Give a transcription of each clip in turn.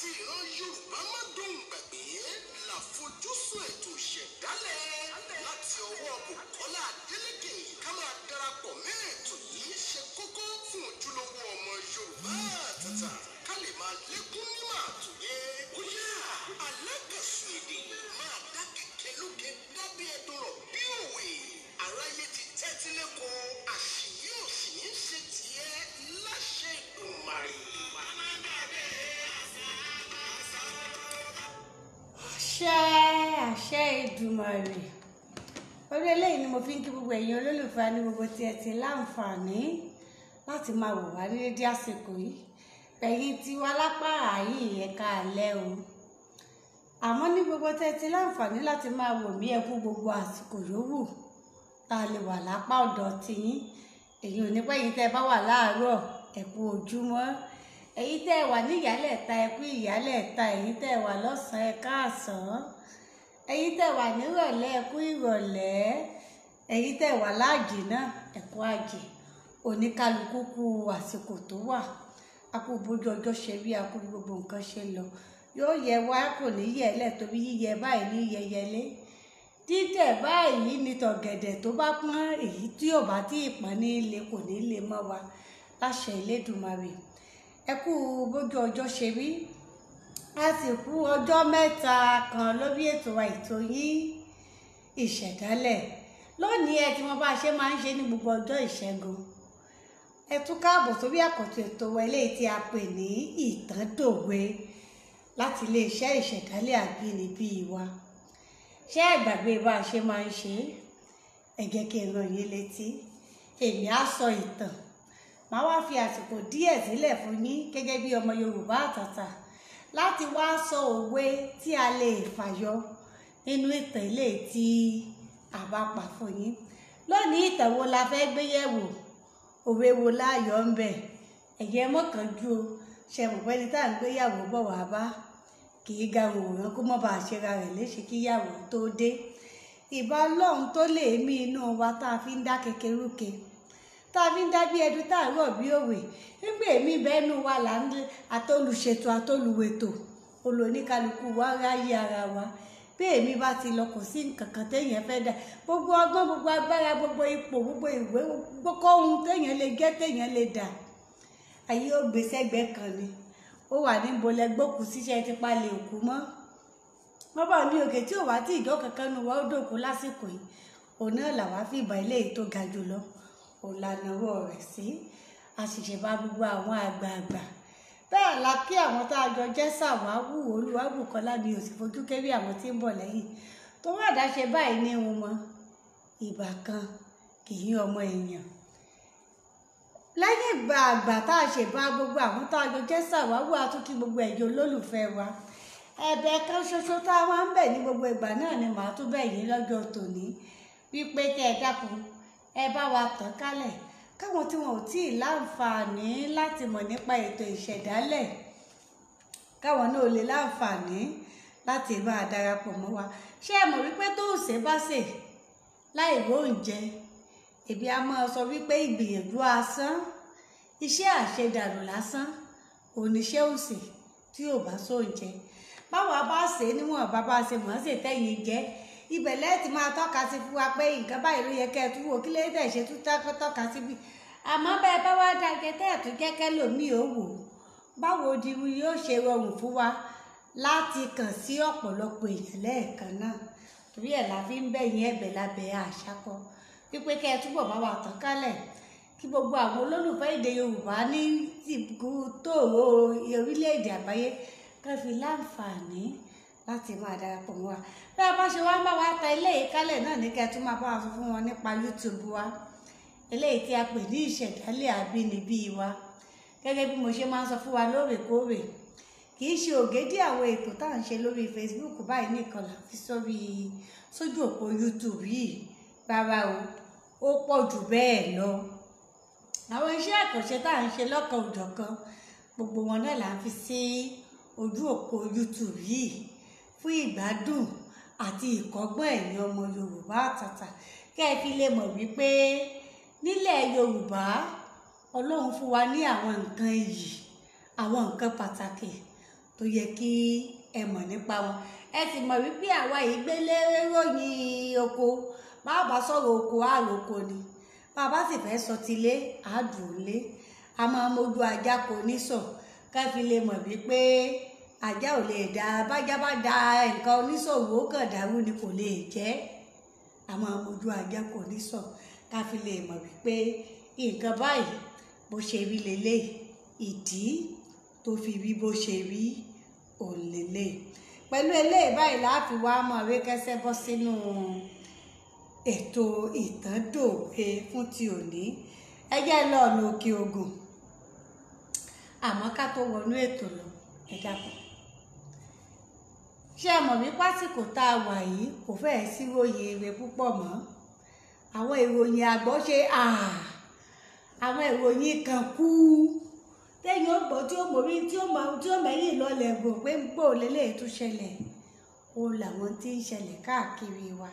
àti ìran Yorùbá má dùn gbàgbé láfojúsùn ètò ìṣẹ̀dálẹ̀ láti ọwọ́ Bùkọ́lá Adélékè ká máa darapọ̀ mẹ́rin ètò yìí ṣe kókó fún ojúlówó ọmọ Yorùbá tata ká lè máa lékún nímọ̀ àtòyé ó yá alákàsùn èdè máa dá kẹ̀kẹ́ lókè dábìá ẹ̀dùn rọ̀ bí òwe àráyé ti tẹ́tí lẹ́kọ̀ọ́. àṣẹ àṣẹ Èdùmàrè orí eléyìí ni mo fi ń kí gbogbo ẹ̀yin olólùfẹ́ ní gbogbo tí ẹ ti láǹfààní láti máa wò wá ní dédé àsìkò yìí pẹ̀yìn tiwa lápá ààyè ẹ̀ka àlẹ́ o àmọ́ ní gbogbo tẹ́ ti láǹfààní láti máa wò mí ẹkú gbogbo àsìkò yòówù tá a lè wà lápá ọ̀dọ̀ tiyín èyí ò ní pẹ́yìn tẹ́ bá wà láàárọ̀ ẹ̀kú ojúmọ́ èyí tẹ́ ẹ wà ní ìyálẹ̀ ta ẹ kú ìyálẹ̀ ta èyí tẹ́ ẹ wà lọ́sàn-án ẹ káàsán èyí tẹ́ ẹ wà nírọ̀lẹ́ ẹ kú ìrọ̀lẹ́ èyí tẹ́ ẹ wà láàjì náà ẹ kú àjì oníkálukú kú àsìkò tó wà akú bójú ọjọ́ ṣe bí akú gbogbo nǹkan ṣe lọ yóò yẹ wá kò ní yẹ ẹ lẹ̀ torí yíyẹ báyìí ní yẹyẹlé títẹ̀ báyìí ni tọ̀gẹ̀dẹ̀ tó bá pọ́n èyí tí ò bá tí ì pọ́n ní ilé kò ní lè mọ́ wa láṣẹ Elédùmarè ẹ bójú ọjọ́ ṣe rí a sì kú ọjọ́ mẹ́ta kan lórí ètò wa yín ìṣẹ̀dálẹ̀ lónìí ẹ tí mo bá ṣe máa ń ṣe ní gbogbo ọjọ́ ìṣẹ́gun ẹ tún káàbọ̀ sórí àkọ́tún ètò wa tí a pè ní ìtàndòwe láti iléeṣẹ́ ìṣẹ̀dálẹ̀ àbínibí wa ṣé ẹ bá ṣe máa ń ṣe ẹ kí n ràn yín létí èmi á sọ ìtàn màá wá fi àsìkò díẹ̀ sílẹ̀ fún yín gẹ́gẹ́ bí ọmọ Yorùbá àtàtà láti wá sọ òwe tí a lè fàyọ nínú ìtàn ilé tí a bá pa fún yín lónìí ìtàn la fẹ́ gbé yẹ̀wò òwe wo láàyò ń bẹ ẹ̀yẹ mọ́kànjú o ṣe mọ̀pẹ́ ni tá à ń gbéyàwó bọ̀ wá bá kì í ga òwòrán kó mọ́ bá a ṣera rẹ̀ léṣe kíyàwó tó dé ìbá ọlọ́run tó lè mí inú wa tá a fi ń dá kékerúke. Ke tá a fi ń dá bí ẹdun tá à ń rọ̀ bí òwe nígbà èmi bẹ́ẹ̀nu wa là ń atólùṣètò atólùwètò olóníkálukú wa ráyé ara wa bí èmi bá ti lọ kò sí nǹkan kan téèyàn fẹ́ dà gbogbo ọgbọ́n gbogbo agbára gbogbo ipò gbogbo ìwé gbogbo ohun téèyàn lè gẹ́ téèyàn lè dà ayé ó gbèsè ẹgbẹ́ kan ni ó wà níbo lẹgbókù síṣẹ́ ti palẹ̀ òkú mọ́ wọ́n bá ní òkè tí ò wá tí ìjọ kankan nu wọ́n dòkú lásìkò yìí òun náà làwa fi ìbà ilé yìí tó ga jù lọ òun la nawọ́ rẹ̀ sí a sì ṣe bá gbogbo àwọn àgbààgbà bẹ́ẹ̀ la kí àwọn tá a jọ jẹ́ sàwáwù olùwàbùkọ́lá mi ò sì fojú kéré àwọn tí ń bọ̀ lẹ́yìn tó wà dáṣe báyìí ní wọn mọ ìbà kan kì í ọmọ èèyàn lẹ́yìn ìgbà àgbà tá a ṣe bá gbogbo àwọn tá a jọ jẹ́ sàwáwù a tún kí gbogbo ẹ̀yọ́ olólùfẹ́ wa ẹ̀bẹ̀ kan ṣoṣo tá a wá ń bẹ̀ ní gbogbo ìgbà náà ni màá tún bẹ̀ yín lọ́jọ́ tòní wípé kẹ́ ẹ dákun ẹ bá wa tàn kálẹ̀ káwọn tí wọn ò tí ì láǹfààní láti mọ̀ nípa ètò ìṣẹ̀dálẹ̀ káwọn náà lè láǹfààní láti máa darapọ̀ mọ́ wa ṣé ẹ mọ̀ wípé tó ṣe bá ṣe láì róúnjẹ èmi a máa sọ wípé ìgbìyànjú asán iṣẹ́ àṣedànù lásán oníṣẹ́ òsè tí ò bá sóúnjẹ báwa bá ṣe é níwọ̀n bá bá ṣe mọ̀ ọ́n ṣètẹ́yìn jẹ́ ibẹ̀ lẹ́ẹ̀tì máa tọ́ka sí fún wa pé nǹkan báyìí ló yẹ kẹ́ ẹ tún wò kí lẹ́yìn tẹ̀sẹ̀ tún tọ́ka síbi àmọ́ bẹ́ẹ̀ bá wá dájẹ́ tẹ́ ẹ̀ tún jẹ́ kẹ́lòmíì ó wò ó báwo di yóò ṣe rọrùn fún wa láti kàn sí ọ̀pọ̀lọpọ̀ èèyàn lẹ́ẹ̀kan náà torí ẹ̀ la fi ń bẹ̀yìn ẹ̀bẹ̀ lábẹ́ àṣàkọ wípé kẹ́ ẹ túbọ̀ bá wa tàn kálẹ̀ kí gbogbo àwọn olólùfẹ́ èdè Yorùbá ní tìkú tòòró orílẹ̀-èdè àgbáyé kan fi láǹfààní láti máa darapọ̀ mọ́ wa bí a bá ṣe wá ń bá wa ta eléyìí kálẹ̀ náà ní kẹ́ tún máa bá wa sọ fún wọn nípa YouTube wa eléyìí tí a pè ní ìṣẹ̀dálẹ̀ àbínibí wa gẹ́gẹ́ bí mo ṣe máa ń sọ fún wa lóòrèkóòrè kì í ṣe ògédé àwọn ètò tá à ń ṣe lórí Facebook báyìí nìkan là fi sórí sójú òpó YouTube yìí rárá o ó pọ̀ jù bẹ́ẹ̀ lọ àwọn iṣẹ́ àkànṣe tá à ń ṣe lọ́kan òjọ̀kan gbogbo wọn náà là ń fi sí ojú òpó YouTube yìí fún ìgbádùn àti ìkọ́gbọ́n ẹ̀yin ọmọ yorùbá àtàtà kẹ́ ẹ fi lè mọ̀ wípé nílẹ̀ yorùbá ọlọ́run fún wa ní àwọn nǹkan iyì àwọn nǹkan pàtàkì tó yẹ kí ẹ mọ̀ nípa wọn ẹ sì mọ̀ wípé àwa yìí gbélé ròyìn oko bàbá sọ̀rọ̀ oko àròkọ ni bàbá sì fẹ́ sọ tilé àádùn lé a máa mójú ajá kò ní sọ ká lè mọ̀ wípé ajá ò lè dá bájá bá da nǹkan oníṣòwò kàn dàrú ni kò lè jẹ́ àmọ́ ojú ajá kò ní sọ ká fi lè mọ̀ wípé nǹkan báyìí bó ṣe rí lélẹ̀ ìdí tó fi rí bó ṣe rí òun lélẹ̀ pẹ̀lú eléyìí báyìí láàfin wá mọ̀ wí kẹsẹ́ bọ́ sínú ètò ìtàndòwe fún ti òní ẹ jẹ́ lọ́ọ̀nù òkè ògùn àmọ́ ká tó wọnú ètò lọ ẹ dákun ṣé mọ̀ wípé àsìkò tá a wà yìí kò fẹ́ẹ̀ sí ròyìn èrè púpọ̀ mọ́ àwọn ìròyìn àgbọ̀ ṣe àwọn ìròyìn kan kú téèyàn ó tí ó mórí tí ó mọ tí ó mẹ́yìn lọ́lẹ̀ gbò pé ń gbò lélẹ̀ tó ṣẹlẹ̀ o làwọn tí ń ṣẹlẹ̀ káàkiri wa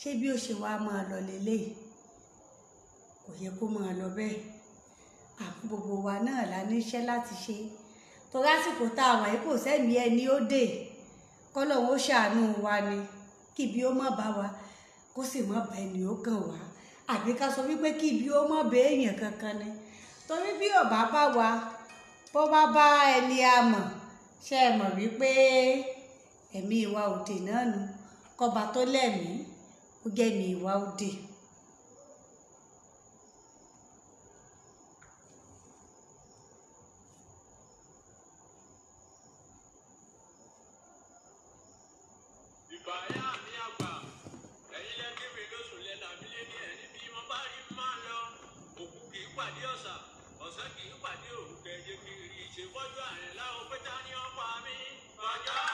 ṣé bí ó ṣe wàá máa lọ lélẹ̀ kò yẹ kó máa lọ bẹ́ẹ̀ àwọn gbogbo wa náà la níṣẹ́ láti ṣe torí tá a wà yìí kò sẹ́mi ẹni ó dè kọ́lọ́hún ó ṣàánú wa ni kíbi ó má bá wa kó sì má bẹ ni ó kàn wá àbí ká sọ wípé kíbi ó má bẹ èèyàn kankan ni torí bí ọba bá wa bó bá bá ẹni a mọ̀ ṣe é mọ̀ wípé ẹ̀mí ìwà òdì náà nu kọba tó lẹ́mìí ó jẹ́ mi ìwà òdì. Raja.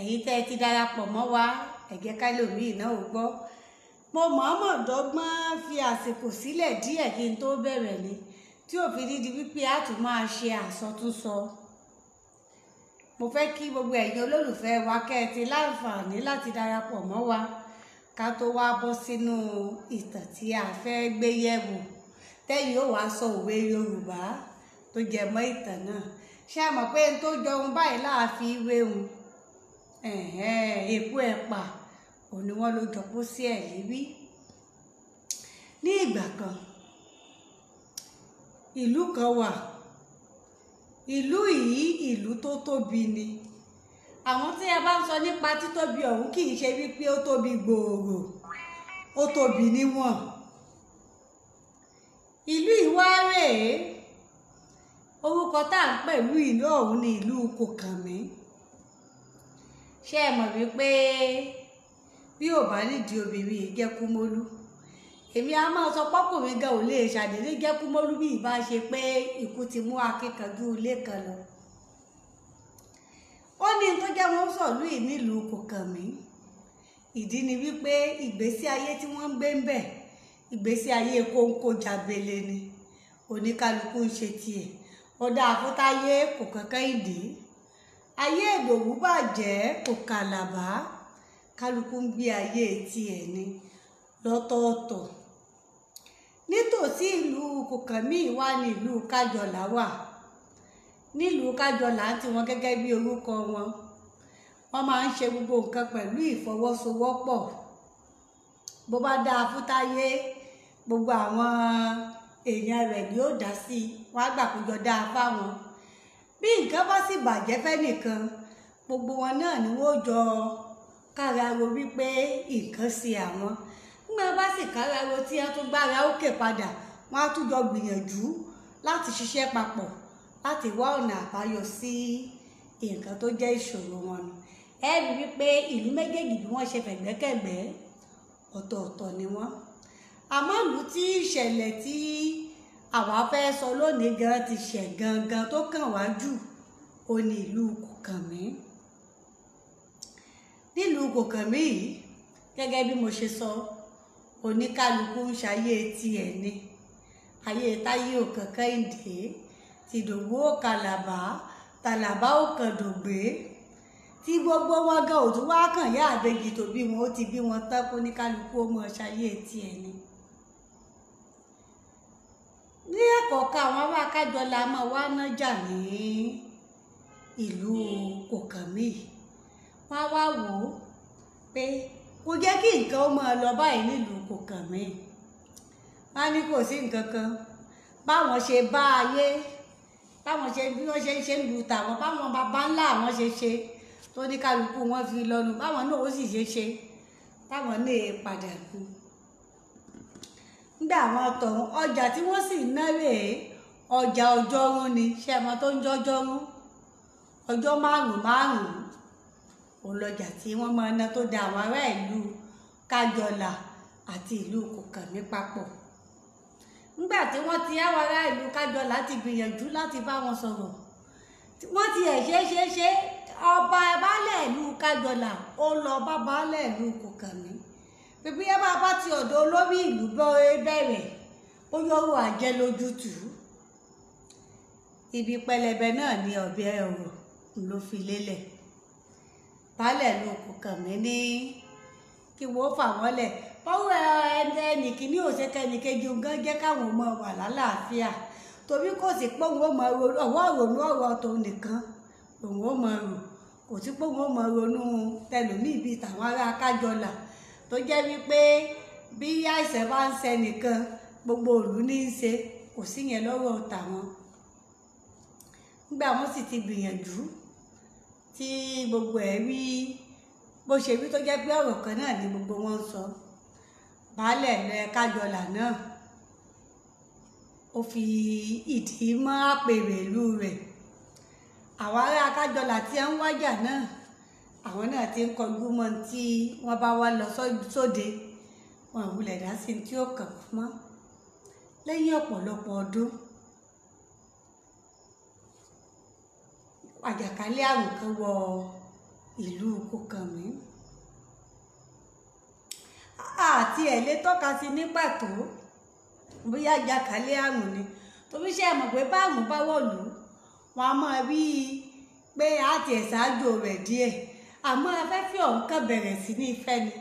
ẹ̀yin tẹ́ ẹ ti darapọ̀ mọ́ wa ẹ jẹ́ ká lòmíì náà ò gbọ́ mo mọ̀ọ́mọ̀ dọ́gbọ́n fi àsìkò sílẹ̀ díẹ̀ kí n tó bẹ̀rẹ̀ ni tí ò fi ní di wípé a tún máa ṣe àsọtúnsọ mo fẹ́ kí gbogbo ẹ̀yin olólùfẹ́ wa kẹ́ ẹ ti láǹfààní láti darapọ̀ mọ́ wa ká tó wá bọ́ sínú ìtàn tí a fẹ́ gbé yẹ̀wò tẹ́yìn ó wàá sọ òwe Yorùbá tó jẹ mọ́ ìtàn náà ṣé a mọ̀ pé n tó jọ ohun báyìí láàfin ìwé èpo ẹ̀pà òní wọ́n ló jọpọ̀ sí ẹ̀ léwí ní ìgbà kan ìlú kan wà ìlú yìí ìlú tó tóbi ni àwọn tí a bá ń sọ nípa títóbi ọ̀hún kì í ṣe wípé ó tóbi gbòòrò ó tóbi níwọ̀n ìlú ìwárèé orúkọ tá à ń pè ìlú ọ̀hún ni ìlú kòkànmí ṣé ẹ mọ̀ wípé bí ò bá nídìí obìnrin yìí gẹ́kúmólú èmi a máa sọ pọ́kùnrin gan ò lè ṣàdédé gẹ́kúmólú bí ìbá ṣe pé ikú ti mú akíkanjú ilé kan lọ ó ní tó jẹ́ wọ́n sọ̀lú yìí nílùú kò kàn mí ìdí ni wípé ìgbésí ayé tí wọ́n ń gbé ń bẹ̀ ìgbésí ayé kóńkó jabele ni oníkálukú ń ṣe tiẹ̀ ọ̀dà àfútáyé kò kankan ìdí ayé ìdòwú bàjẹ́ òkàlàbá kálukú ń gbé ayé tiẹ̀ ni lọ́tọ̀ọ̀tọ̀ nítòsí ìlú kòkànmí wà ní ìlú kájọlá wà nílùú kájọlá tí wọn gẹ́gẹ́ bí orúkọ wọn wọn máa ń ṣe gbogbo nǹkan pẹ̀lú ìfọwọ́sowọ́pọ̀ bó bá dáa fútáyé gbogbo àwọn èèyàn rẹ̀ ni ó dá sí wọn á gbà kó dáa fáwọn bí nǹkan bá sì bàjẹ́ fẹ́nìkan gbogbo wọn náà ni wọ́n jọ káràró wípé nǹkan ṣe àwọn nígbà bá sì káràró tí wọ́n tún gbára òkè padà wọ́n á tún jọ gbìyànjú láti ṣiṣẹ́ papọ̀ láti wá ọ̀nà àbáyọ sí nǹkan tó jẹ́ ìṣòro wọn nù ẹ rí wípé ìlú méjèèjì bí wọ́n ṣe fẹ̀gbẹ́kẹ̀gbẹ́ ọ̀tọ̀ọ̀tọ̀ ni wọ́n àmọ́ ìlú tí ìṣẹ̀lẹ̀ tí. Ti àwa fẹ́ sọ lónìí gan ti ṣẹ̀ gangan tó kàn wá jù ó ní ìlú kòkànmí nílùú kòkànmí yìí gẹ́gẹ́ bí mo ṣe sọ oníkálukú ń ṣayé tiẹ̀ ni ayé táyé òkàn kẹ́hìndé ti dògbò kàlàbà tàlàbà òkàn dògbé tí gbogbo wọn gan òtún wá kàn yá àbẹ̀gì tó bí wọn ó ti bí wọn tán kó oníkálukú ṣayé tiẹ̀ ni ní ẹ̀kọ̀ọ̀kan àwọn ará kájọ la máa wá nájà ní ìlú kòkànmí wá wá wò ó pé kò jẹ́ kí nǹkan ó máa lọ báyìí nílùú kòkànmí wá ní kò sí nǹkan kan báwọn ṣe bá ayé báwọn ṣe bí wọ́n ṣe ń ṣe nílùú tàwọn báwọn bàbá ńlá àwọn ṣe ṣe tó ní kálukú wọn fi lọ́nu báwọn náà ó sì ṣe ṣe táwọn náà padà kú ńgbà àwọn tọ̀hún ọjà tí wọ́n sì ná rèé ọjà ọjọ́rún ni ṣé ẹ mọ tó ń jọjọ́rún ọjọ́ márùn-ún márùn-ún òun lọjà tí wọ́n máa ná tó da àwọn ará ìlú kájọlà àti ìlú kòkànmí papọ̀ ńgbà tí wọ́n ti àwọn ará ìlú kájọlà ti gbìyànjú láti bá wọn sọ̀rọ̀ wọ́n ti ẹ̀ ṣe ṣe ṣe ọba baálẹ̀ ìlú kájọlà ó lọ bá baálẹ̀ ìlú kòkànmí pé bí ẹ bá bá ti ọ̀dọ̀ olórí ìlú bẹ̀rẹ̀ ó yọrọ àjẹ lójútùú ibi pẹlẹbẹ náà ni ọ̀bẹ ọ̀rọ̀ ló fi lélẹ̀ baálẹ̀ ló kò kàn mí ní kí wọ́n fà wọ́n lẹ̀ bọ́wọ́ ẹni kìíní òṣèkẹ́ni kejì gan jẹ́ káwọn ọmọ wà lálàáfíà torí kò sí pé òun ó mọ ọwọ́ ronú ọ̀rọ̀ tòun nìkan òun ó mọ rò kò sí pé òun ó mọ ronú tẹlòmíì bíi tàwọn ará kájọlà tó jẹ́ wípé bí àìsàn bá ń ṣe nìkan gbogbo ìlú ní í ṣe kò sí yẹn lọ́wọ́ tàwọn nígbà wọn sì ti gbìyànjú tí gbogbo ẹ̀ rí bó ṣe rí tó jẹ́ pé ọ̀rọ̀ kan náà ni gbogbo wọn sọ baálẹ̀ lẹ kájọlà náà ó fi ìdí mọ́ àpèrè ìlú rẹ̀ àwọn ará kájọlà tí ẹ ń wájà náà àwọn náà ti ń kọjú mọ́ tí wọ́n bá wá lọ sóde wọn ìwúlẹ̀ dá sí tí ó kàn mọ́ lẹ́yìn ọ̀pọ̀lọpọ̀ ọdún àjàkálẹ̀ àrùn kan wọ ìlú Kòkànmí àti ẹ̀ lè tọ́ka sí ní pàtó bóyá àjàkálẹ̀ àrùn ni torí ṣe mọ̀ pé báàrùn bá wọ̀lú wọn a máa bí i pé àti ẹ̀ ṣáájú rẹ̀ díẹ̀ àmọ́ afẹ́fẹ́ ọ̀hún kan bẹ̀rẹ̀ sí ní ìfẹ́ ni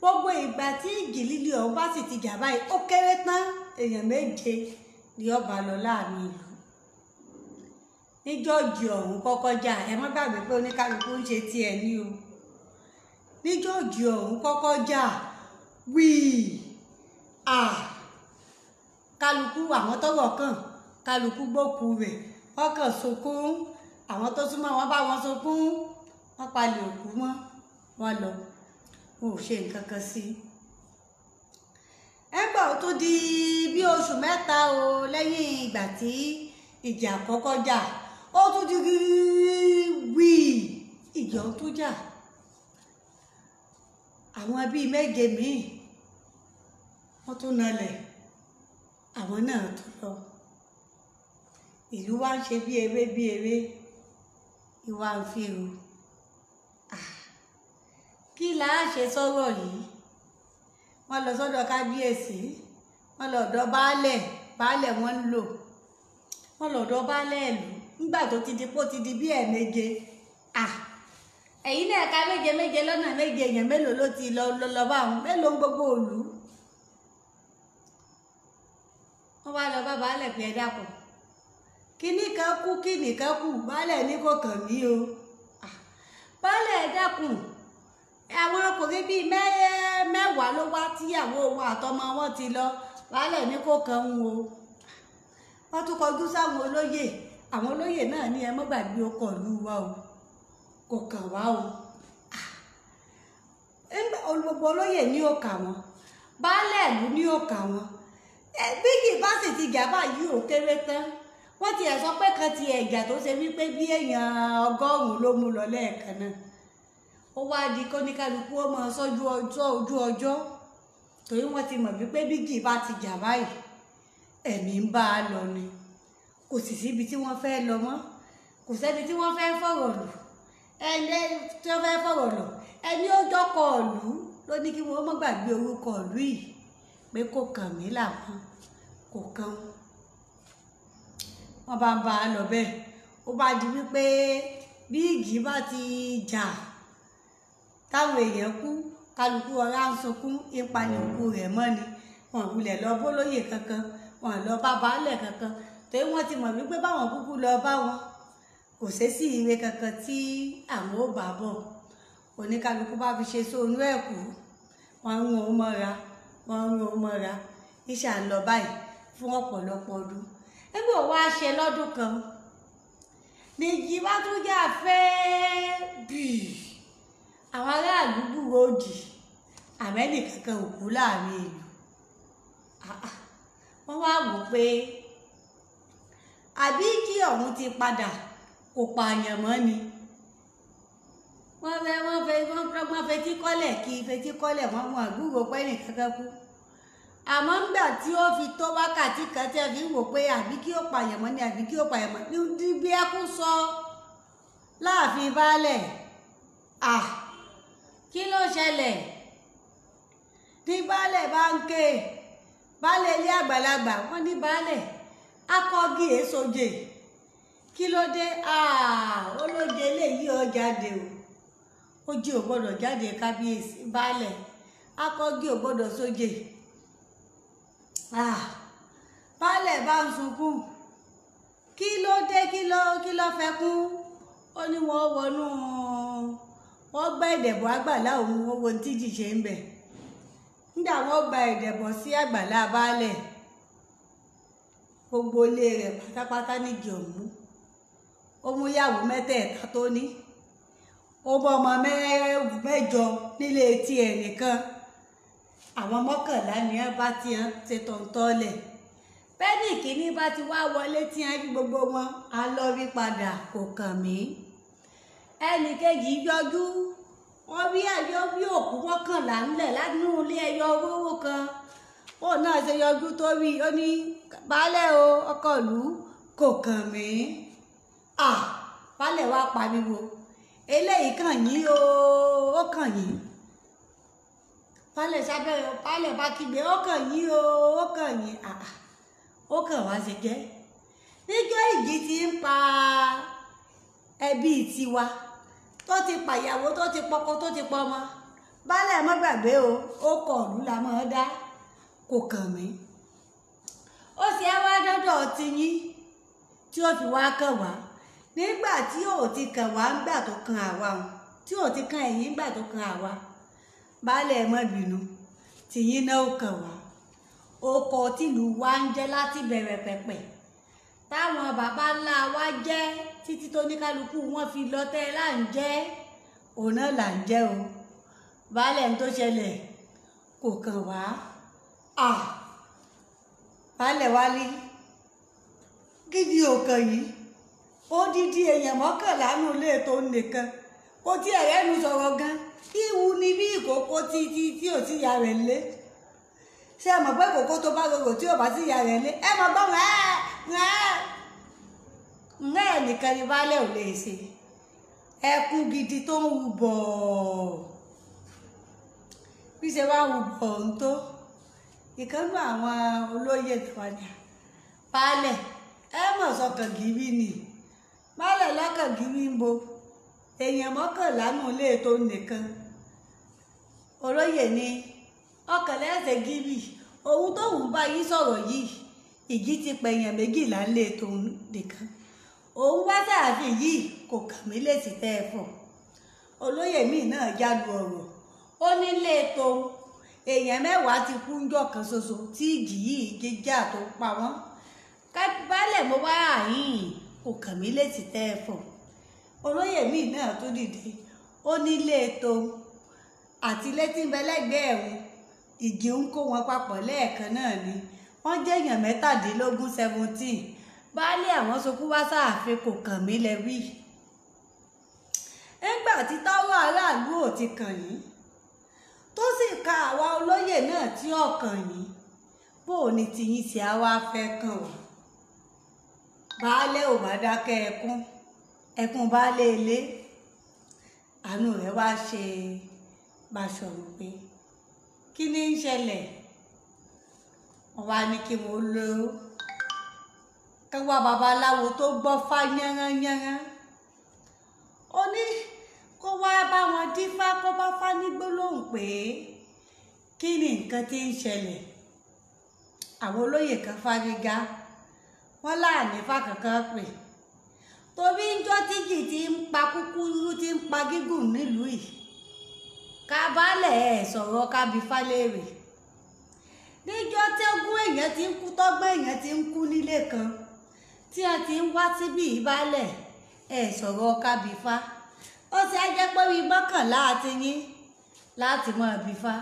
gbogbo ìgbà tí ìjì líle ọ̀hún bá sì ti jà báyìí ó kéré tán èèyàn méje ni ọba lọ láàrin ìlú ní jọ́ọ̀jì ọ̀hún kọ́kọ́ jà ẹ má gbàgbé pé oníkálukú ń ṣe tiẹ̀ ní o ní jọ́ọ̀jì ọ̀hún kọ́kọ́ jà wíì à kálukú àwọn tọ́wọ́ kàn kálukú gbókù rẹ̀ ọkàn sunkún àwọn tó súnmọ́ wọn bá wọn sunkún wọ́n palẹ̀ òkú mọ́ wọ́n lọ wọn ò ṣe nǹkan kan sí i ẹgbà ó tó di bí oṣù mẹ́ta o lẹ́yìn ìgbà tí ìjà àkọ́kọ́ jà ó tún di wí ìjà ó tún jà àwọn bíi méje míì wọ́n tún nalẹ̀ àwọn náà tún lọ ìlú wa ń ṣe bí eré bí eré ìwà ń fi rò kí là á ṣe sọ́rọ̀ yìí wọ́n lọ sọ́dọ̀ kábíyèsí wọ́n lọ ọ̀dọ̀ baálẹ̀ baálẹ̀ wọ́n ń lò wọ́n lọ ọ̀dọ̀ baálẹ̀ ìlú nígbà tó ti di pó ti di bí ẹ̀ẹ̀méje à ẹ̀yin náà ka méje méje lọ́nà méje èèyàn mélòó ló ti lọ lọ bá àwọn mélòó ń gbogbo òlú wọ́n wá lọ bá baálẹ̀ pé ẹ dàpọ̀ kíní kan kú kíní kan kù baálẹ̀ ní kò kàn mí o baálẹ̀ ẹ dákun àwọn ọkùnrin bíi mẹ́wàá ló wá tíyàwó wọn àtọmọ wọn ti lọ wàhálẹ̀ ní kò kan ń wo wọ́n tún kọjú sáwọn olóyè àwọn olóyè náà ní ẹ má ọkọ̀ ìlú wa o kò kàn wá o ah. gbogbo olóyè ní ó kà wọ́n baálẹ̀ ìlú ní ó kà wọ́n bí kì bá sì ò kéré tán wọ́n ti ẹ̀ sọ pé kan ti ẹ̀jà tó ṣe wípé bí èèyàn ọgọ́rùn-ún ló mú lọ lẹ́ẹ̀kan náà ó wá di kóníkálukú ó mọ sójú ọjọ́ ojú ọjọ́ torí wọ́n ti mọ̀ wípé bíjì bá ti jà báyìí ẹ̀mí ń bá a lọ ni kò sì síbi tí wọ́n fẹ́ lọ mọ́ kò sẹ́ni tí wọ́n fẹ́ fọ̀rọ̀ lù ẹni tí wọ́n fẹ́ fọ̀rọ̀ lọ ẹni ó jọkọ̀ ló ní kí wọ́n mọ́ gbàgbé orúkọ ọ̀lú yìí pé kò kàn mí làwọn kò kàn wọ́n bá ń bá a lọ bẹ́ẹ̀ ó bá di wípé bí ìgì bá ti jà táwọn èèyàn kú kálukú ọlá ń sunkún ipa ní òkú rẹ̀ mọ́ ni wọn wulẹ̀ lọ bólóyè kankan wọn lọ bá baálẹ̀ kankan torí wọ́n ti mọ̀ wípé báwọn kúkú lọ bá wọn kò sẹ́sì ire kankan tí àwọn ò bá bọ̀ oníkálukú bá fi ṣe sóònú ẹ̀ kú wọn ń wọn mọ́ra wọn ń wọn mọ́ra iṣẹ́ ń lọ báyìí fún ọ̀pọ̀lọpọ̀ ọdún nígbà wo a ṣe lọ́dún kan nìyí wá tún jà fẹ́ẹ́ bíi àwọn aráàlú gbúrò òdì àmẹ́lì kankan òkú láàrin ìlú ah, ah. wọ́n wá wò pé àbí kí ọ̀hún ti padà kò pààyàn mọ́ ni wọ́n fẹ́ wọ́n fẹ́ wọ́n fetí kọ́lẹ̀ kí fetí kọ́lẹ̀ wọ́n mú àgbúrò pẹ́ẹ́nì kankan kú àmọ́ ńgbà tí ó fi tó wákàtí kan tí ẹ fi ń wò pé àbí kí ó pààyàn mọ́ ni àbí kí ó pààyàn mọ́ ni bí ẹkún sọ láàfin baálẹ̀ ah kí ló ṣẹlẹ̀ bí baálẹ̀ bá ń ké baálẹ̀ ilé àgbàlagbà wọ́n ní baálẹ̀ akọ́gi èsòjè kí ló dé olóje eléyìí ó o ojú ò gbọ́dọ̀ jáde kábíyèsí baálẹ̀ akọ́gi ò gbọ́dọ̀ soje, baálẹ̀ bá ń sunkún kí ló dé kí ló kí ló fẹ́ kú ó ní wọ́n wọnú. No wọ́n gba ìdẹ̀bọ̀ àgbàlá òun owó tíjì ṣe ń bẹ̀ nígbà wọ́n gba ìdẹ̀bọ̀ sí àgbàlá baálẹ̀ gbogbo ilé rẹ̀ pátápátá nígi òun ó mú yàwó mẹ́tẹ̀ẹ̀ta tó ní ó bọ́ ọmọ mẹ́jọ nílé tiẹ̀ nìkan àwọn mọ́kànlá ni wọ́n bá ti hàn ṣe tọ̀ntọ́lẹ̀ bẹ́ẹ̀ ni kìíní bá ti wá wọlé tí wọ́n fi gbogbo wọn á lọ rí padà kò kàn mí. ẹnìkejì yọjú wọ́n rí ẹyọ bí òkú mọ́kànlá ńlẹ̀ lánú ilé ẹyọ owó kan òun náà ṣe yọjú tó rí ó ní baálẹ̀ o ọkọ ìlú kò kàn mí baálẹ̀ wa pariwo eléyìí kàn yín o ó kàn yín baálẹ̀ sábẹ́rẹ̀ baálẹ̀ bá kígbe ó kàn yín o ó kàn yín ó kàn wá ṣe jẹ́ níjọ́ ìjì ti ń pa ẹbí tiwa. tó ti pàyàwó tó ti pọkọ tó ti pọmọ baálẹ̀ mọ́ gbàgbé o ó kọ̀ ọ̀lú la mọ́ dá kò kàn mí ó sì ẹ wá dọ́dọ̀ ti yín tí ó fi wá kàn wá nígbà tí ò ti kàn wá ńgbà tó kan àwa o tí ò ti kan ẹ̀yìn ńgbà tó kan àwa baálẹ̀ mọ́ bínú tìyín náà ó kàn wá ó kọ tìlú wa ń jẹ́ láti bẹ̀rẹ̀ pẹ̀pẹ̀ táwọn bàbá ńlá wa jẹ́ títí tó ní kálukú wọn fi lọ́tẹ̀ là ń jẹ́ òun náà là ń jẹ́ o baálẹ̀ ń tó ṣẹlẹ̀ kò kàn wá à baálẹ̀ wá ní kí ni òkàn yìí odidi èèyàn mọ́kànlá nù lé tó nìkan kò tí ẹ̀rẹ́ nu sọ̀rọ̀ gan ìwú ni bí ìkókó tí tí tí ò sí ìyá rẹ̀ lé ṣé ẹ mọ̀ pé kókó tó bá rorò tí ò bá sí ìyá rẹ̀ lé ẹ mọ̀ gbọ́n ẹ́ẹ́. náà nìkan ni baálé ò lè ṣe ẹkún gidi tó ń wù bọ̀ọ̀ bí ṣe bá wù bọ̀ọ̀ ń tó ìkànnì àwọn olóyè tọ́ni baálẹ̀ ẹ mọ̀ sọkàn gírí ni baálẹ̀ lọ́kàn gírí ń bo èèyàn mọ́kànlá nù lé tó nìkan olóyè ni ọkàn lẹ́sẹ̀ gírí òun tó wù bá yín sọ̀rọ̀ yìí ìgí ti pẹ̀yàn méjìlá ńlẹ̀ e tòun nìkan òun wá sáàfin yìí kò kàn mí lèsì tẹ́ ẹ fọ̀ olóyè míì náà jálu ọ̀rọ̀ ó nílé e tòun èèyàn mẹ́wàá ti kú ńjọ́ kan ṣoṣo tí ìjì yìí jíjà tó pa wọ́n kábàlẹ̀ mo wá àyìn kò kàn mí lèsì tẹ́ ẹ fọ̀ olóyè míì náà tó dìde ó nílé e tòun àti ilé ń bẹ lẹ́gbẹ̀ẹ́ ẹ̀hún ìjì ń kó wọn papọ̀ lẹ́ẹ̀kan náà ni wọ́n jẹ́ èèyàn mẹ́tàdínlógún seventeen baálé àwọn sokú wá sáàfin kò kàn mí lẹ́wí nígbà tí táwọn aráàlú ò ti kàn yín tó sì ka àwa olóyè náà tí ọkàn yín bó o ní tiyín sí àwa fẹ́ kàn wá baálé ò bá dákẹ́ ẹkún ẹkún baálé ilé àánú rẹ̀ wá ṣe báṣọ wípé kí ni ń ṣẹlẹ̀ wọ́n wá ní kí wọ́n lówó kán wá babaláwo tó gbọ́ fá yánrányánrán ó ní kó wá bá wọn dífá kó bá fá ní gbólóhùn pé kí ni nǹkan tí ń ṣẹlẹ̀ àwọn olóyè kan fárígá wọn láàánú fá kankan pè torí njọ́ tíjì ti ń pa kúkúrú ti ń pa gígùn nílùú yìí ká bá lẹ̀ ẹ̀ sọ̀rọ̀ kábífá léèrè níjọ́ tẹ́gún èèyàn ti ń kú tọ́gbọ́n èèyàn ti ń kú nílé kan tí wọ́n ti ń wá síbi ìbálẹ̀ ẹ̀ sọ̀rọ̀ kábífá ó ti jẹ́ pé bíi mọ́kànlá àti yín láti mọ àbífá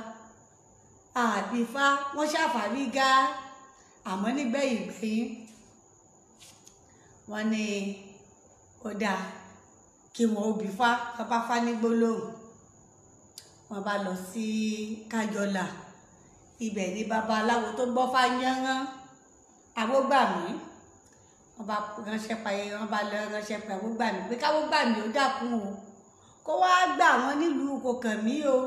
àbífá wọ́n ṣàfàrí ga àmọ́ nígbẹ̀yìn gbẹ̀yìn wọ́n ní ó dáa kí wọ́n ó bífá bàbá fá wọ́n bá lọ sí kájọlà. Si ibẹ̀ ni babaláwo tó gbọ́ fáyánrán agbógbàmí wọ́n bá ránṣẹ́ payẹ wọ́n bá lọ ránṣẹ́ pé agbógbàmí pé kágbógbàmí ó dákun o kó wá gbà wọ́n nílùú kòkànmí o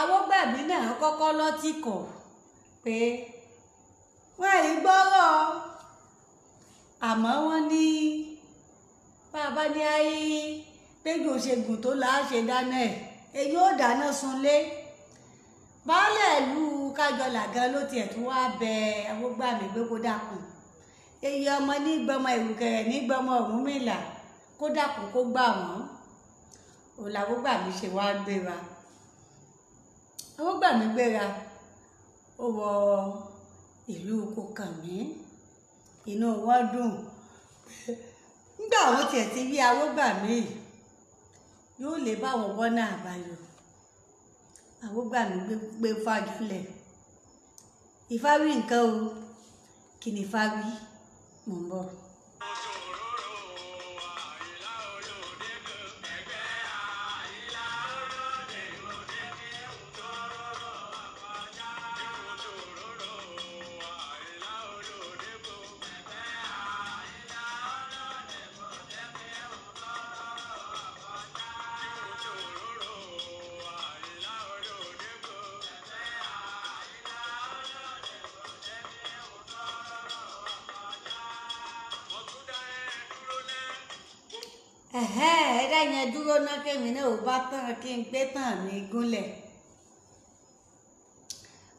agbógbàmí náà kọ́kọ́ lọ́tì kọ̀ pé wọ́n ì gbọ́rọ̀ àmọ́ wọ́n ní bàbá ní ayé pé gbòṣègùn tó láá ṣe dáná ẹ̀ èyí ó dáná sunlé baálé ìlú kájọlà gan ló tiẹ̀ tún wá bẹ agbógbàmí pé kó dákun èyí ọmọ ní gbọmọ ìrùkẹ̀rẹ̀ ní gbọmọ Ọ̀rúnmìlà kó dákun kó gbà wọ́n òun làgbógbàmí ṣe wá gbéra agbógbàmí gbéra ó wọ ìlú Kòkànmí inú wọn dùn nígbà wo tiẹ̀ ti rí agbógbàmí yóò lè báwọn wọ́n náà báyọ̀ àwògbà ah, mi gbé fájú lẹ̀ Ifá wí nǹkan o kí ni Ifá wí mò ń bọ̀. ò bá tán kí n gbé tàn mí gúnlẹ̀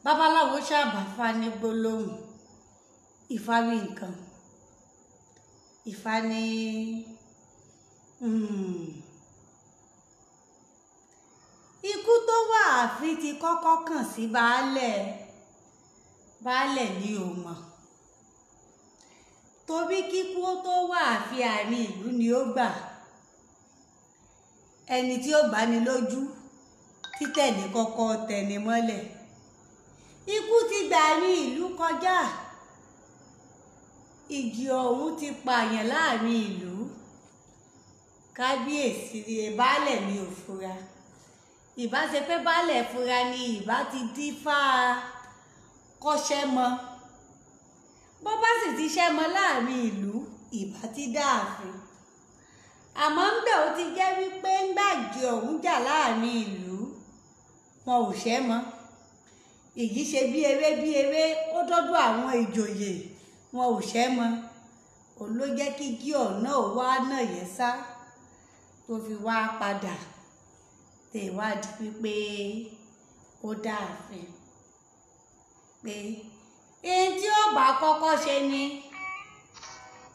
babaláwo ṣàbàfà ní gbólóhùn Ifá wí nǹkan Ifá ní hmm. ikú tó wà àfi ti kọ́kọ́ kàn sí baálẹ̀ baálẹ̀ ní òmò torí kíkú tó wà àfi àárín ìlú ni ó gbà ẹni tí ó bá ní lójú títẹ̀lé kọ́kọ́ tẹ̀lé mọ́lẹ̀ ikú ti gbàrí ìlú kọjá ìjì ọ̀hún ti pààyàn láàrin ìlú kábíyèsí baálẹ̀ mi ò fura ìbá ṣe pé baálẹ̀ fura ni ìbá ti dífá kọ́ṣẹ́ mọ́ bó bá sì ti ṣẹ́ mọ́ láàrin ìlú ìbá ti dáàfin àmọ́ ń bẹ̀ ó ti jẹ́ wípé ńgbàjì ọ̀hún jà láàrin ìlú wọn ò ṣẹ́ mọ́ èyí ṣe bí eré bí eré ó dọ́dọ̀ àwọn ìjòyè wọn ò ṣẹ́ mọ́ òun ló jẹ́ kí kí ọ̀nà ò wá náà yẹn sá tó fi wá padà tè wípé ó dáàfin pé èyí tí ó bá kọ́kọ́ ṣe ni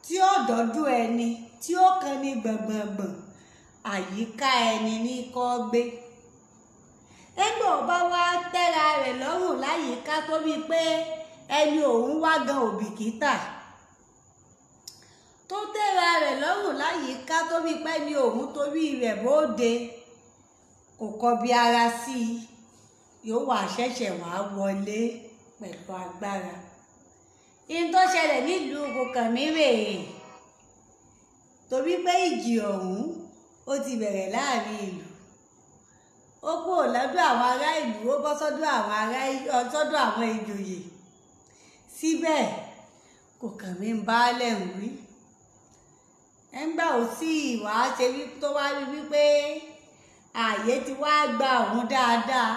tí ó dọ́dún ẹni tí ó kan ní gbọ̀ngbọ̀ngbọ̀n àyíká ẹni ní kọ́ gbé nígbà ó bá wá tẹ́ra rẹ̀ lọ́rùn láyìíká tó bíi pé ẹni òun wá gan òbìkítà tó tẹ́ra rẹ̀ lọ́rùn láyìíká tó bíi pé ẹni òun torí rẹ̀ bóde kò kọbi ara sí i yóò wà ṣẹ̀ṣẹ̀ wàá wọlé pẹ̀lú agbára ihun tó ṣẹlẹ̀ nílùú kòkànmí rèé torí pé ìjì ọ̀hún ó ti bẹ̀rẹ̀ láàrin ìlú ó kúrò lọ́dọ̀ àwọn ará ìlú ó bọ́ sọ́dọ̀ àwọn ará sọ́dọ̀ àwọn ìjòyè síbẹ̀ kò kàn mí baálẹ̀ ń wí ẹ̀ńgbà ò sí ìwà ṣe wí tó wá rí wípé ààyè ti wá gba òun dáadáa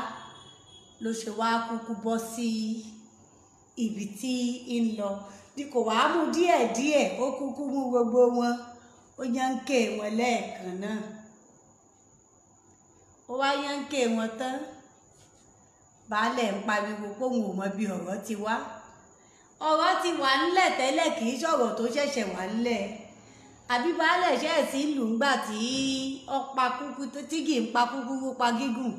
ló ṣe wá kúkú bọ́ sí ibi tí ń lọ ni kò wá mú díẹ̀díẹ̀ ó kúkú mú gbogbo wọn ó yánkè wọn lẹ́ẹ̀kan náà ó wá yánkè wọn tán baálẹ̀ ń pariwo póun ò mọ bí ọ̀rọ̀ ti wá ọ̀rọ̀ ti wà ńlẹ̀ tẹ́lẹ̀ kì í ṣọ̀rọ̀ tó ṣẹ̀ṣẹ̀ wà ńlẹ̀ àbí baálẹ̀ ṣe é sí ìlú ńgbà tí ọ̀pá kúkú tí kì í pa kúkúrú pa gígùn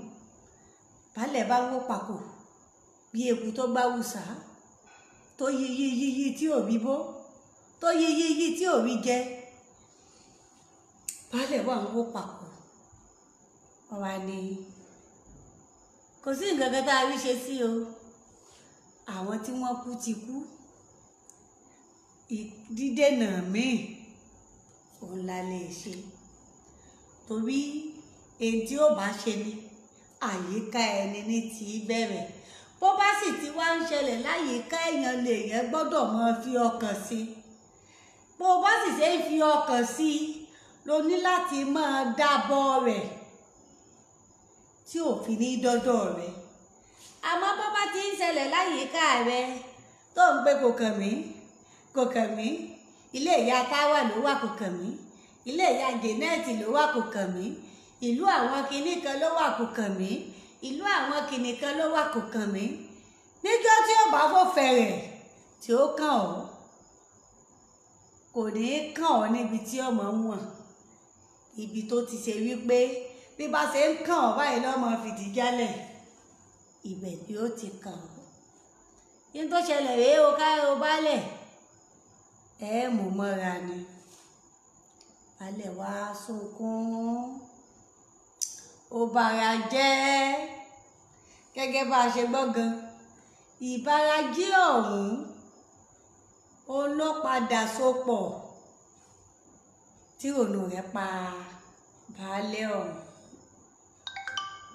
baálẹ̀ bá wó papò bí eku tó bá wùsà tó yí yí yí tí ò bó tó yí yí yí tí ò rí baálẹ̀ wà ń wó papọ̀ ọ̀wá ni kò sí nǹkan kan tá a rí ṣe sí o àwọn tí wọ́n kú ti kú dídènà míì òun la lè ṣe torí èyí tí ó bá ṣe ni àyíká ẹni ní ti bẹ̀rẹ̀ bó bá sì ti wá ń ṣẹlẹ̀ láyìíká èèyàn lèèyàn gbọ́dọ̀ máa fi ọkàn sí bó bá sì ṣe ń fi ọkàn sí i lo ní láti máa dábọ̀ rẹ̀ tí ò fi ní dọ́dọ̀ rẹ̀ àmọ́ bó bá ti ń ṣẹlẹ̀ láyìíká rẹ tó ń pe kò kàn mí kò kàn mí ilé ìyá táwa ló wà kò kàn mí ilé ìyá jẹnẹẹtì ló wà kò kàn mí ìlú àwọn kinní kan ló wà kò kàn mí ìlú àwọn kinní kan ló wà kò kàn mí níjọ́ tí ó bá fò fẹ̀rẹ̀ tí ó kàn ọ́ kò ní í kàn ọ́ níbi tí ọmọ ń wọ̀n ibi tó ti ṣe wípé bí bá ṣe ń kàn ọ́ báyìí lọ́mọ fìdí jálẹ̀ ibẹ̀ ni ó ti kàn ọ́ kí n tó ṣẹlẹ̀ rèé o káyọ̀ balẹ̀ ẹ mú mọ́ra ni balẹ̀ wá sunkún ó bara jẹ́ gẹ́gẹ́ bá a ṣe gbọ́ gan ìbarajẹ́ ọ̀hún ó sopọ̀. So tí òun rẹ̀ pa baálé ọ̀hún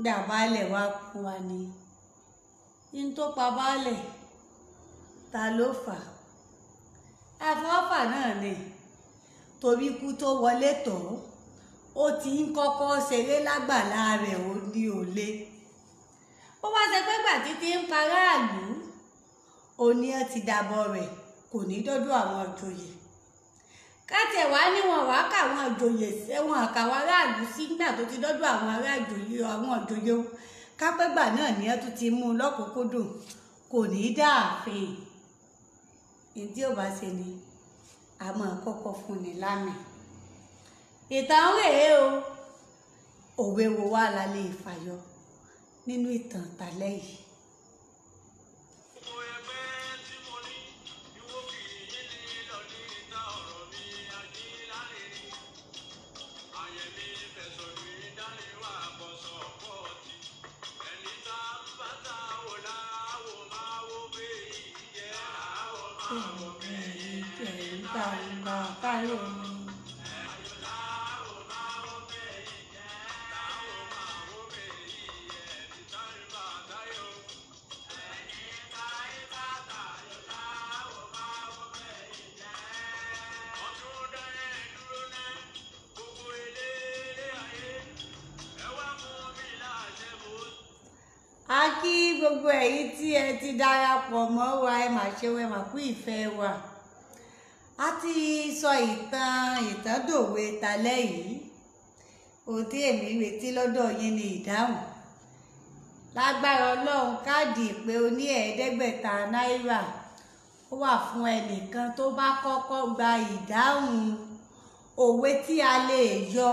gbà baálé wá kú wa ni in tó pa baálé ta ló fà àfọ́fà náà ni torí ikú tó wọlé tọ̀ ó ti ń kọ́kọ́ ṣeré lágbàlá rẹ̀ ó ní òlé bó bá ṣe pé gbà títí ń paráàlú òní ẹ ti dàbọ̀ rẹ̀ kò ní dọ́dọ̀ àwọn ìjòyè kátẹ wá ní wọn wá káwọn àjòyè sẹwọn àkàwọn aráàlú sí nígbà tó ti dọdọ àwọn aráàjòyè àwọn àjòyè o kápẹ́gbà náà ni ẹ tún ti mú un lọ́kùnkúndùn kò ní í dáàfin ìdí ò bá ṣe ni a máa kọ́kọ́ fún ni lámì ìtàn rèé o òwe wo wá la lè fàyọ nínú ìtàn tàlẹ́ yìí. tàǹkà a kí gbogbo ẹ̀yin tí ẹ ti darapọ̀ mọ́ wa ẹ mà ṣe wẹ́ mà kú ìfẹ́ wa a ti sọ ìtàn ìtàndòwe talẹ́ yìí ohun èmi retí lọ́dọ̀ yín ni ìdáhùn lágbára ọlọ́run káàdì ìpè oní ẹ̀ẹ́dẹ́gbẹ̀ta náírà ó wà fún ẹnìkan tó bá kọ́kọ́ gba ìdáhùn òwe tí a lè yọ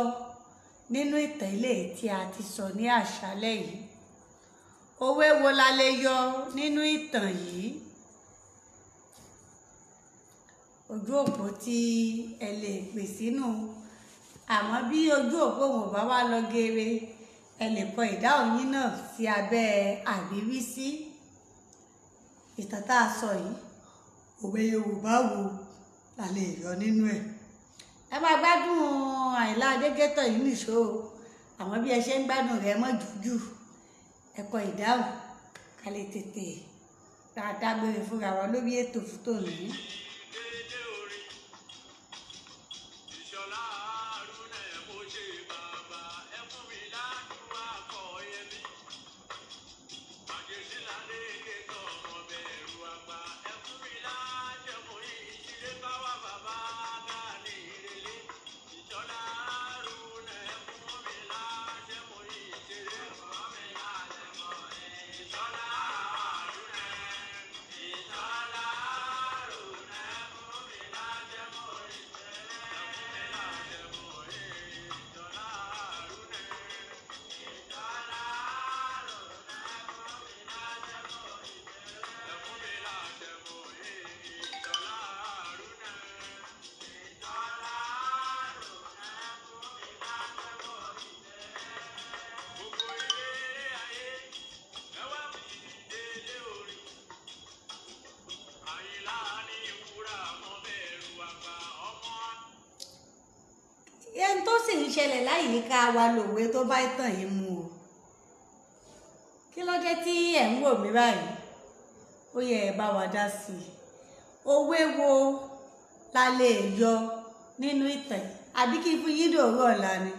nínú ìtẹ́lẹ̀ tí a ti sọ ní àṣálẹ́ yìí òwe wo la lè yọ nínú ìtàn yìí ojú òpó tí ẹ lè pè sínú àmọ́ bí ojú òpó wọn bá wá lọ geere ẹ lè kọ ìdáhùn yín náà sí abẹ́ àríwísí ìtàn tá a sọ yìí òwe Yorùbá wo la lè yọ nínú ẹ̀ ẹ máa gbádùn Àyìnlá Adégẹ́tọ̀ yìí nìṣó àmọ́ bí ẹ ṣe ń gbádùn rẹ̀ mọ́ jújù ẹ kọ ìdáhùn ká lè tètè dáadáa gbére fúnra wa lórí ètò fún tòní. ẹni tó sì ń ṣẹlẹ̀ láyìíká wa lòwe tó bá tàn yín mu o kí ló dé tí ẹ̀ ń wò mí báyìí ó yẹ ẹ bá wa dá sí i òwe wo la lè yọ nínú ìtàn àbí kí n fún yín dòwú ọ̀la ni.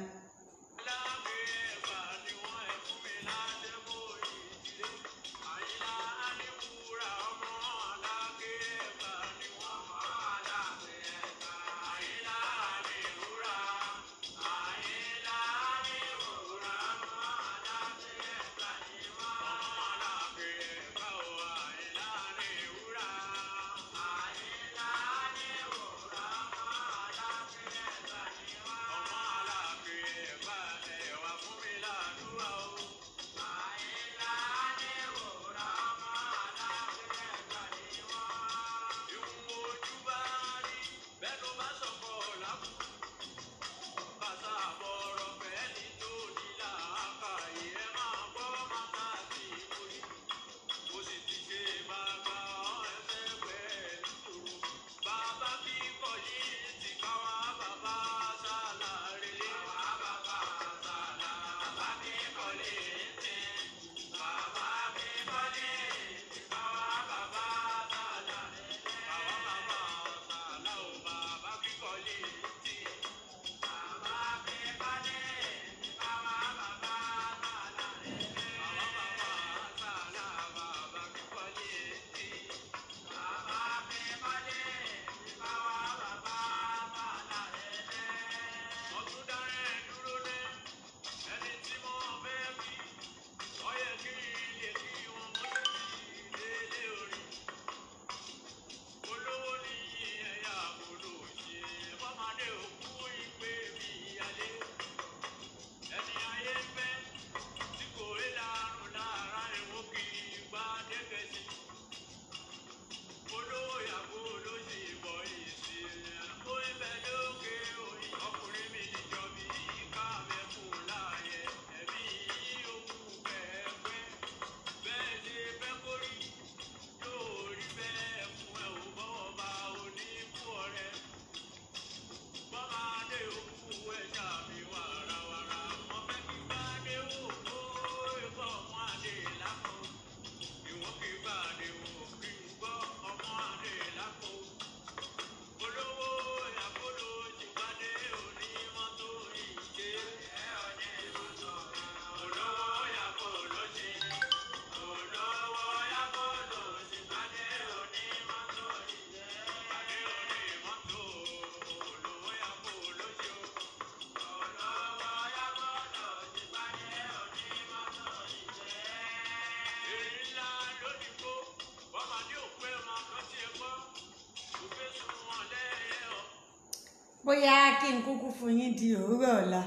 bóyá kí n kúkú fún yín di òwúrọ̀ ọ̀la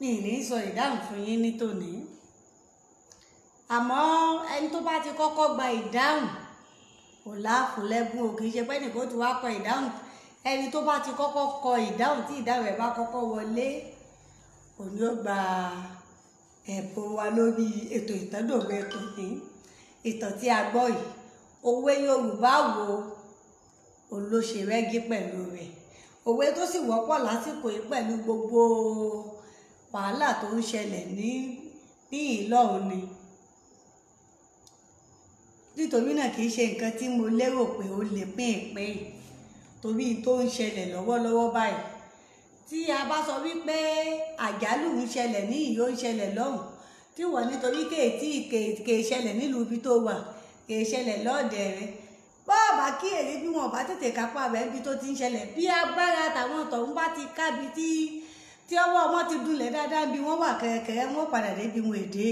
mi ì ní sọ ìdáhùn fún yín ní tòní àmọ́ ẹni tó bá ti kọ́kọ́ gba ìdáhùn kò láàfún lẹ́bùn o kì í ṣe pé nìkan ó ti wá kọ ìdáhùn ẹni tó bá ti kọ́kọ́ kọ ìdáhùn tí ìdáhùn rẹ̀ bá kọ́kọ́ wọlé òní ó gba ẹ̀bùn wa lórí ètò ìtọ́dọ̀gbẹ́ tòní ìtàn tí a gbọ́ yìí òwe Yorùbá wo òun ló pẹ̀lú rẹ̀ òwe tó sì wọ́pọ̀ lásìkò yìí pẹ̀lú gbogbo wàhálà tó ń ṣẹlẹ̀ ní ní ìlọrin ni nítorí náà kì í ṣe nǹkan tí mo lérò pé ó lè pín ìpín torí tó ń ṣẹlẹ̀ lọ́wọ́lọ́wọ́ báyìí tí a bá sọ wípé àjálù ń ṣẹlẹ̀ ní ìyó ń ṣẹlẹ̀ lọ́hùn tí wọ́n nítorí kéètì kéè ṣẹlẹ̀ nílùú ibi tó wà kéè ṣẹlẹ̀ lọ́ọ̀dẹ̀ rẹ̀ bọ́ọ̀bà kíyèsí bí wọn bá tètè kápá rẹ̀ ibi tó ti ń ṣẹlẹ̀ bí agbára tàwọn tọ̀hún bá ti kábi tí ọwọ́ wọn ti dúnlẹ̀ dáadáa bí wọ́n wà kẹ̀kẹ́ wọn padà débi wọn èdè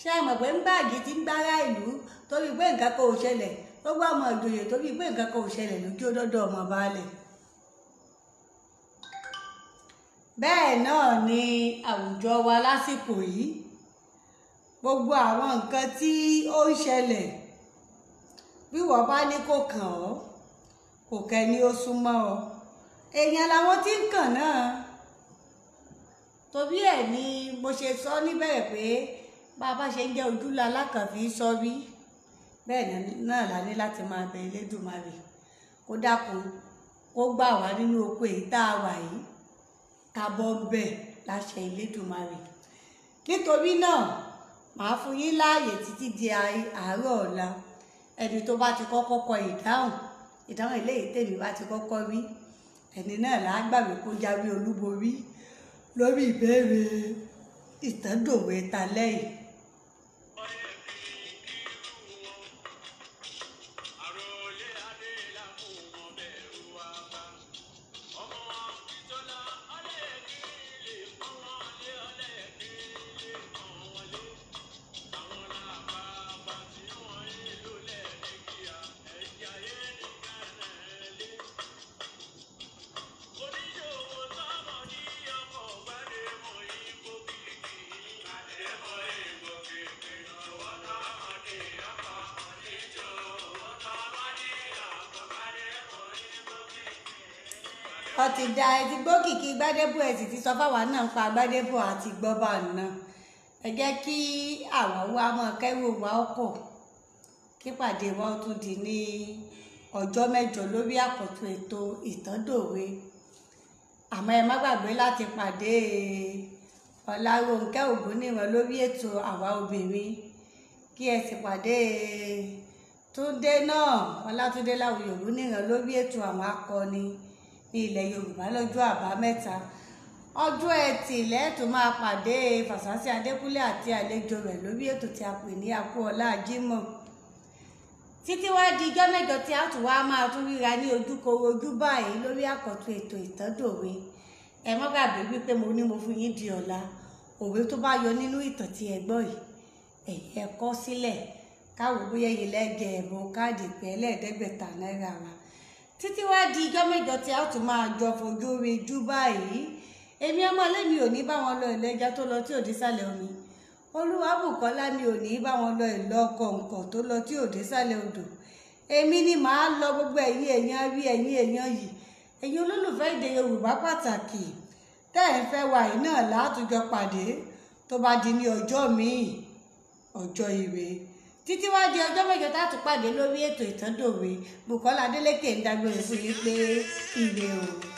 ṣé àmọ̀ ń báàgì ti ń gbára ìlú torí pé nǹkan kan ò ṣẹlẹ̀ gbogbo àwọn ìjòyè torí pé nǹkan kan ò ṣẹlẹ̀ lójú ọdọ́dọ̀ ọmọ baálẹ̀ bẹ́ẹ̀ náà ni àwùjọ wa lásìkò yìí gbogbo àwọn nǹkan tí ó ń ṣẹlẹ̀ bí wọ́n bá ní kò kàn ọ́ kò kẹ́ni ó súnmọ́ ọ èèyàn làwọn tí ń kàn náà torí ẹ̀ ni mo ṣe sọ níbẹ̀rẹ̀ pé bá a bá ṣe ń jẹ́ ojúlá alákànfí sọ́rí bẹ́ẹ̀ náà la ní láti máa bẹ Elédùmarè kó dákun kó gbà wá nínú oko èyí tá a wà yìí ká bọ́ ń bẹ̀ láṣẹ Elédùmarè nítorí náà màá fún yín láàyè títí di àárọ̀ ọ̀la ẹni tó bá ti kọ́kọ́ kọ ìdáhùn ìdáhùn eléyìí tèmi bá ti kọ́kọ́ wí ẹni náà lágbàgbé kó jáwé olúborí lórí ìbéèrè ìtàndòwe ta lẹ́yìn. sọ fáwa náà pa Gbádébọ̀ àti gbọ́bà náà ẹ jẹ́ kí àwọn wa máa kẹ́rù wa ọkọ̀ kípàdé wa ó tún di ní ọjọ́ mẹ́jọ lórí àkọ́tún ètò ìtàndòwe àmọ́ ẹ má gbàgbé láti pàdé Ọláronkẹ́ Ògúnníran lórí ètò àwa obìnrin kí ẹ sì pàdé Túndé náà Ọlátúndé Láwùyọ Ògúnníran lórí ètò àwọn akọni ní ilẹ̀ Yorùbá lọ́jọ́ àbámẹ́ta ọjọ́ ẹtì lẹ́ẹ̀tún máa pàdé fàṣásí adékúnlé àti àlejò rẹ̀ lórí ètò tí a pè ní akóọlá ajímọ̀ títí wá di ijọ́ mẹ́jọ tí a tún wá máa tún ríra ní ojúkoro ojú báyìí lórí àkọ́tún ètò ìtọ́dòwe ẹ má gbàgbé wípé mo ní mo fún yín di ọ̀la òwe tó bá yọ nínú ìtàn tí ẹ gbọ́ yìí ẹ̀yẹ kọ́ sílẹ̀ káwọ́ bóyá yìí lẹ́gẹ̀ ẹ̀bùn káàdì pẹ́ lẹ́ẹ̀ẹ́dẹ́gbẹ̀ta náírà wa títí wá di ijọ́ mẹ́jọ tí a tún máa jọ fojú rí jú báyìí èmi ọmọ lẹ́mi ò ní bá wọn lọ ìlẹ́ja tó lọ tí ò dé sálẹ̀ omi olúwàbùkọ́lá mi ò ní bá wọn lọ ìlọ kọ̀ǹkọ̀ tó lọ tí ò sálẹ̀ odò èmi ni màá lọ gbogbo ẹ̀yin èèyàn rí ẹ̀yin èèyàn yìí ẹ̀yin olólùfẹ́ èdè yorùbá pàtàkì tẹ́ ẹ̀ ń fẹ́ wà yìí náà látùjọ pàdé tó bá di ní ọjọ́ míì ọjọ́ ire títí wá di ọjọ́ mẹ́jọ tátù pàdé lórí ètò ìtàn dòwe Bùkọ́lá Adélékè ń dágbére fún yín pé ire o.